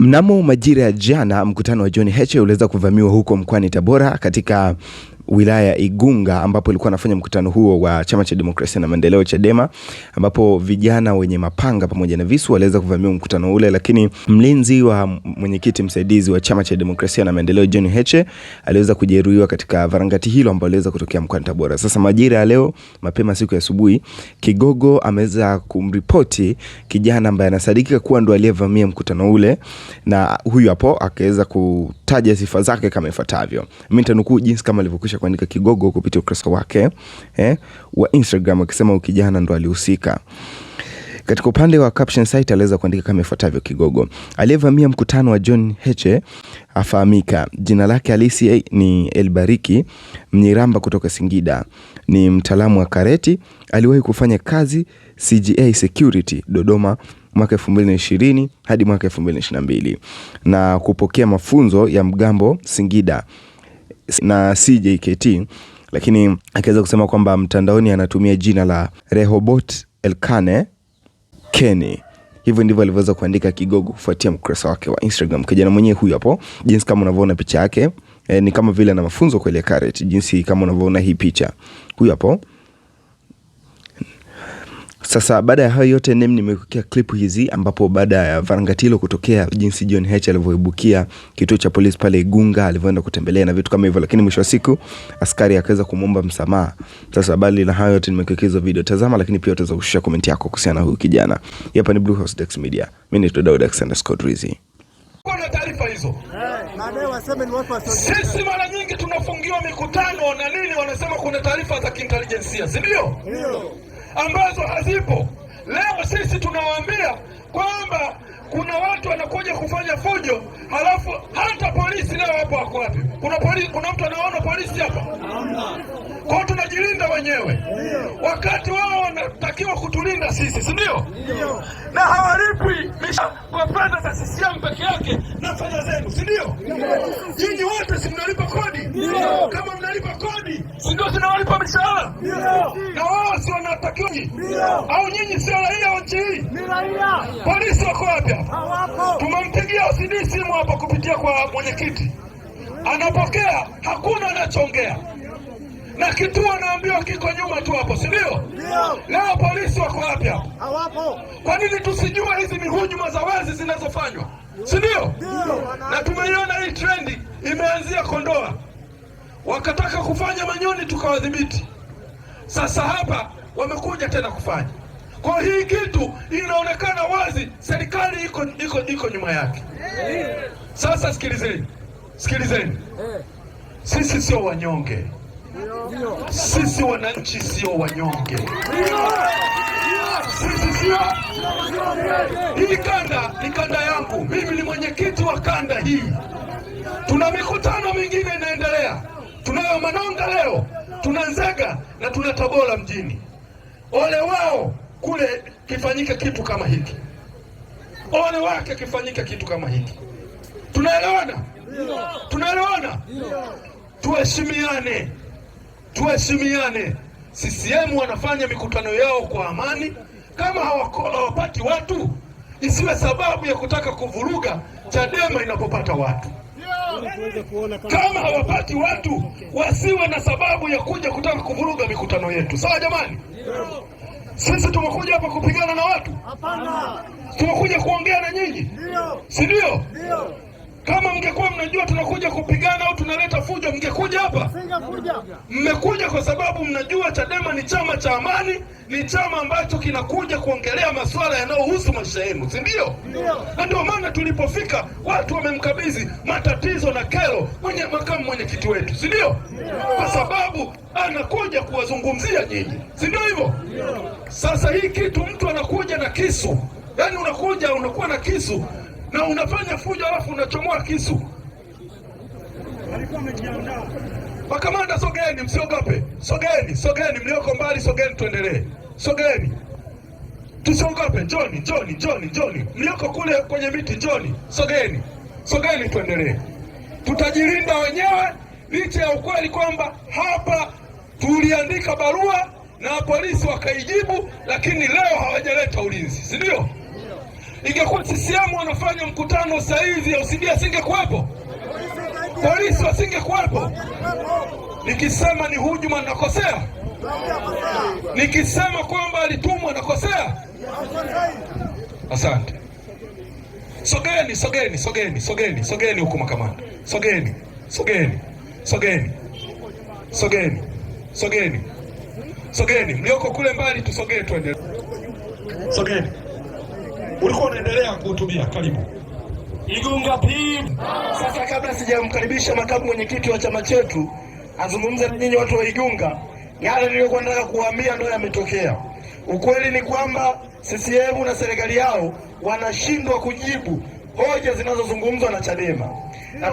Mnamo majira ya jana mkutano wa John Heche uliweza kuvamiwa huko mkoani Tabora katika wilaya ya Igunga ambapo ilikuwa anafanya mkutano huo wa chama cha demokrasia na maendeleo Chadema, ambapo vijana wenye mapanga pamoja na visu waliweza kuvamia mkutano ule, lakini mlinzi wa mwenyekiti msaidizi wa chama cha demokrasia na maendeleo John Heche aliweza kujeruhiwa katika varangati hilo ambalo aliweza kutokea mkoani Tabora. Sasa majira ya leo mapema siku ya asubuhi, Kigogo ameweza kumripoti kijana ambaye anasadikika kuwa ndo aliyevamia mkutano ule, na huyu hapo akaweza kutaja sifa zake kama ifuatavyo. Mimi nitanukuu jinsi kama alivyokwisha kisha kuandika Kigogo kupitia ukurasa wake eh, wa Instagram akisema ukijana ndo alihusika. Katika upande wa caption site aliweza kuandika kama ifuatavyo: Kigogo aliyevamia mkutano wa John Heche afahamika, jina lake halisi eh, ni Elbariki Mnyiramba kutoka Singida, ni mtaalamu wa kareti. Aliwahi kufanya kazi CGA Security Dodoma mwaka 2020 hadi mwaka 2022 na kupokea mafunzo ya mgambo Singida na CJKT, lakini akaweza kusema kwamba mtandaoni anatumia jina la Rehobot Elkane Kenny. Hivyo ndivyo alivyoweza kuandika Kigogo kufuatia mkurasa wake wa Instagram. Kijana mwenyewe huyu hapo, jinsi kama unavyoona picha yake e, ni kama vile ana mafunzo kuelekea karate, jinsi kama unavyoona hii picha, huyu hapo. Sasa baada ya hayo yote NEM nimekukia klipu hizi ambapo baada ya Varangatilo kutokea, jinsi John Heche alivyoibukia kituo cha polisi pale Igunga, alivyoenda kutembelea na vitu kama hivyo, lakini mwisho wa siku askari akaweza kumwomba msamaha. Sasa bali na hayo yote nimekukia hizo video, tazama, lakini pia utaweza kushusha komenti yako kuhusiana na huyu kijana. Hapa ni Blue House Dax Media, mimi ni Todd Daud and Scott Rizzi. sisi mara nyingi tunafungiwa mikutano na nini, wanasema kuna taarifa za kiintelijensia, si ndio? ambazo hazipo. Leo sisi tunawaambia kwamba kuna watu wanakuja kufanya fujo, halafu hata polisi leo hapo wako wapi? Kuna polisi, kuna mtu anaona polisi hapa kwao? Tunajilinda wenyewe wakati wao wanatakiwa kutulinda sisi, si ndio? Na hawalipwi kwa fedha za CCM peke yake na fedha zenu, si ndio? Nyinyi wote si mnalipa kodi? Kama mnalipa kodi, si ndio zinawalipa mishahara? hawatakiwi au nyinyi sio raia wa nchi hii? Polisi wako wapi hapa? Tumempigia OCD simu hapa kupitia kwa mwenyekiti, anapokea, hakuna anachoongea na kituo anaambiwa kiko nyuma tu hapo, si ndio? Leo polisi wako wapi hapo? Hawapo. Kwa nini tusijua hizi ni hujuma za wazi zinazofanywa, si ndio? Na tumeiona hii trendi imeanzia Kondoa, wakataka kufanya Manyoni tukawadhibiti. Sasa hapa wamekuja tena kufanya. Kwa hii kitu inaonekana wazi, serikali iko iko iko nyuma yake. Sasa sikilizeni, sikilizeni, sisi sio wanyonge, sisi wananchi sio wanyonge, sisi sio hii kanda ni kanda yangu, mimi ni mwenyekiti wa kanda hii. Tuna mikutano mingine inaendelea, tunayo Manonga leo, tuna Nzega na tuna Tabora mjini. Ole wao kule kifanyike kitu kama hiki, ole wake kifanyike kitu kama hiki. Tunaelewana, tunaelewana. Tuheshimiane, tuheshimiane. CCM wanafanya mikutano yao kwa amani. Kama hawapati watu, isiwe sababu ya kutaka kuvuruga Chadema inapopata watu. Yaani, kama hawapati watu wasiwe na sababu ya kuja kutaka kuvuruga mikutano yetu. Sawa jamani, sisi tumekuja hapa kupigana na watu? Hapana, tumekuja kuongea na nyinyi, si ndio? Kama mngekuwa mnajua tunakuja kupigana au tunaleta fujo, mngekuja hapa? Mmekuja kwa sababu mnajua Chadema ni chama cha amani, ni chama ambacho kinakuja kuongelea masuala yanayohusu maisha yenu, si ndio? Na ndio maana tulipofika watu wamemkabidhi matatizo na kero mwenye makamu mwenyekiti wetu, si ndio? Kwa sababu anakuja kuwazungumzia nyinyi, si ndio hivyo? Sasa hii kitu mtu anakuja na kisu, yaani unakuja unakuwa na kisu na unafanya fujo, alafu unachomoa kisu. Makamanda sogeni, msiogope, sogeni, sogeni, mlioko mbali sogeni, tuendelee, sogeni, tusiogope, njoni, njoni, njoni, njoni, mlioko kule kwenye miti, njoni, sogeni, sogeni, tuendelee. Tutajilinda wenyewe, licha ya ukweli kwamba hapa tuliandika barua na polisi wakaijibu, lakini leo hawajaleta ulinzi, si ndio? Ingekuwa CCM wanafanya mkutano sasa hivi, sibia asingekuwepo, polisi wasingekuwepo. Nikisema ni hujuma nakosea? Nikisema kwamba alitumwa nakosea? Asante. Sogeni, sogeni, sogeni, sogeni, sogeni huku makamanda, sogeni, sogeni, sogeni, sogeni, sogeni, sogeni. Mlioko kule mbali tusogee, tuendelee. Sogeni ulikuwa unaendelea kuhutubia Karibu Igunga pim. Sasa, kabla sijamkaribisha makamu mwenyekiti wa chama chetu azungumze na nyinyi watu wa Igunga, yale niliyokuwa nataka kuwaambia ndio yametokea. Ukweli ni kwamba CCM na serikali yao wanashindwa kujibu hoja zinazozungumzwa na Chadema na...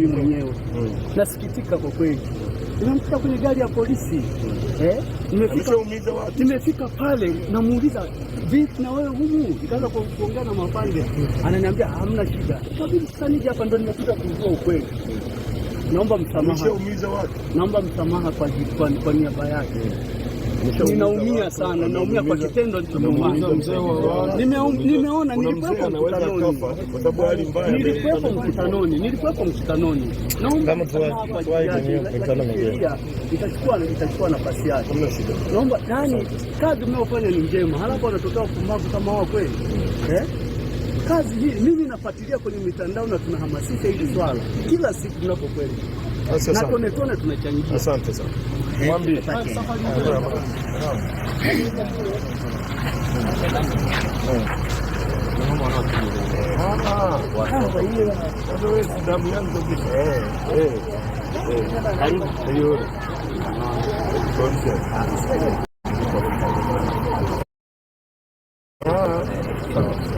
mimi mwenyewe nasikitika kwa kweli, nimemkuta kwenye gari ya polisi eh? Nimefika, nimefika pale namuuliza vipi na wewe humu, nikaanza kuongea na mapande, ananiambia hamna shida. Kabidi sanije hapa, ndo nimekuja kuzua ukweli. Naomba msamaha, naomba msamaha kwa niaba yake ninaumia sana, naumia kwa kitendo nimeona. Nilikuwepo mkutanoni, nilikuwepo mkutanoni, nilikuwepo mkutanoni. Itachukua nafasi yake. Naomba yani, kazi mnayofanya ni njema, halafu anatokea upumbavu kama wao kweli hmm. eh? kazi hii mimi nafuatilia kwenye mitandao na tunahamasisha hili swala kila siku tunapokwenda na tone tone tunachangia. Asante sana. Mwambie damu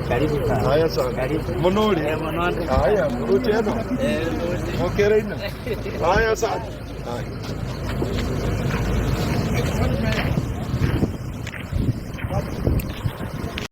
Ayo karibu aione haya Ayo munuri Ayo. muruti eno mokereine Ayo sana Thank you.